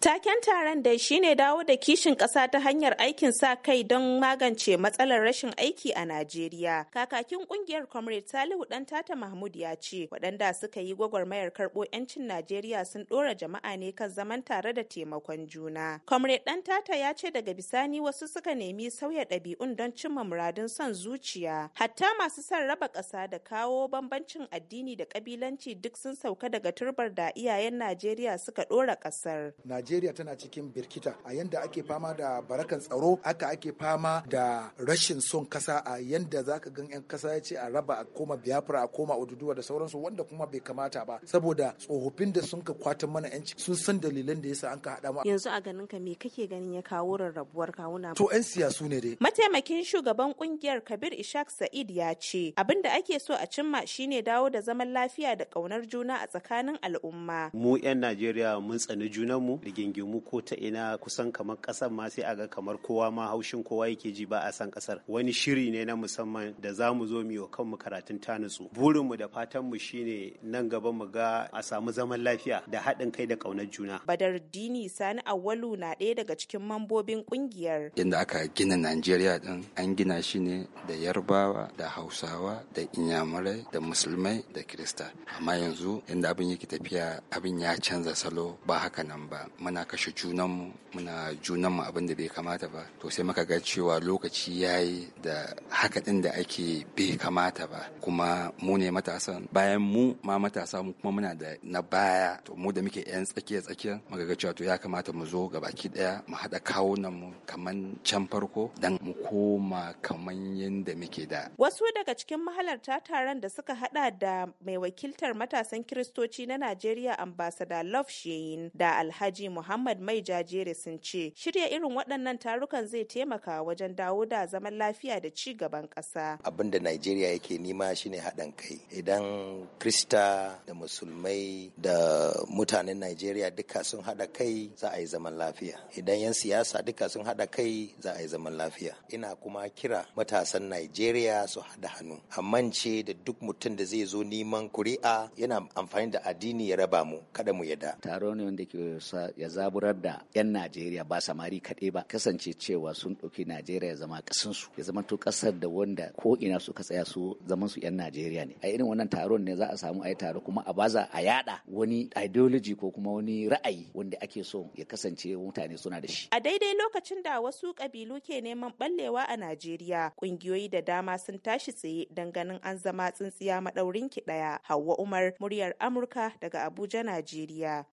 Taken taron da dai shine dawo da kishin ƙasa ta hanyar aikin sa kai don magance matsalar rashin aiki a Najeriya. Kakakin ƙungiyar Comrade Salihu ɗan Tata Mahmud ya ce, waɗanda suka yi gwagwarmayar karɓo 'yancin Najeriya sun ɗora jama'a ne kan zaman tare da taimakon juna. Comrade ɗan Tata ya ce daga bisani wasu suka nemi sauya ɗabi'un don cimma muradun son zuciya. Hatta masu son raba ƙasa da kawo bambancin addini da ƙabilanci duk sun sauka daga turbar da iyayen Najeriya suka ɗora ƙasar. Najeriya tana cikin birkita a yanda ake fama da barakan tsaro aka ake fama da rashin son kasa a yanda zaka gan yan kasa ya ce a raba a koma biyafra a koma Oduduwa da sauransu wanda kuma bai kamata ba saboda tsofaffin da sun ka kwatan mana yanci sun san dalilan da yasa an ka hada ma. yanzu a ganin ka me kake ganin ya kawo rarrabuwar kawuna to yan siyasu ne dai mataimakin shugaban kungiyar Kabir Ishak Sa'id ya ce abin da ake so a cimma shine dawo da zaman lafiya da kaunar juna a tsakanin al'umma mu yan Najeriya mun tsani junanmu gingimu ko ta ina kusan kamar ƙasar ma sai a ga kamar kowa ma haushin kowa yake ji ba a san ƙasar wani shiri ne na musamman da za mu zo mu kanmu karatun ta nutsu burinmu da fatanmu shine nan gaba mu ga a samu zaman lafiya da haɗin kai da ƙaunar juna badar dini sani awwalu na ɗaya daga cikin mambobin ƙungiyar yadda aka gina najeriya din an gina shi ne da yarbawa da hausawa da inyamurai da musulmai da kirista amma yanzu yadda abin yake tafiya abin ya canza salo ba haka nan ba muna kashe junanmu muna junanmu abin da bai kamata ba to sai muka ga cewa lokaci ya yi da haka din da ake bai kamata ba kuma mu ne matasan bayan mu ma matasa mu kuma muna da na baya to mu da muke yan tsakiya tsakiya muka ga cewa to ya kamata mu zo ga baki ɗaya mu haɗa kawunan mu kaman can farko dan mu koma kaman yadda muke da wasu daga cikin mahalarta taron da suka hada da mai wakiltar matasan kiristoci na Najeriya ambassador Love Shein da Alhaji Muhammad Mai Jajere sun ce shirya irin waɗannan tarukan zai taimaka wajen dawo da zaman lafiya da ci gaban ƙasa. Abin da Najeriya yake nema shine haɗin kai. Idan Krista da Musulmai da mutanen Najeriya duka sun haɗa kai za a yi zaman lafiya. Idan 'yan siyasa duka sun haɗa kai za a yi zaman lafiya. Ina kuma kira matasan Najeriya su haɗa hannu. Amman ce da duk mutum da zai zo neman kuri'a yana amfani da addini ya raba mu kada mu yada. Taro ne wanda ke sa ya zaburar da 'yan Najeriya ba samari kaɗai ba kasance cewa sun ɗauki Najeriya zama ƙasansu ya zama to ƙasar da wanda ko ina suka tsaya su zaman su 'yan Najeriya ne a irin wannan taron ne za a samu a yi taro kuma a baza a yada wani ideology ko kuma wani ra'ayi wanda ake so ya kasance mutane suna da shi a daidai lokacin da wasu ƙabilu ke neman ɓallewa a Najeriya ƙungiyoyi da dama sun tashi tsaye don ganin an zama tsintsiya maɗaurin ki ɗaya Hauwa Umar muryar Amurka daga Abuja Najeriya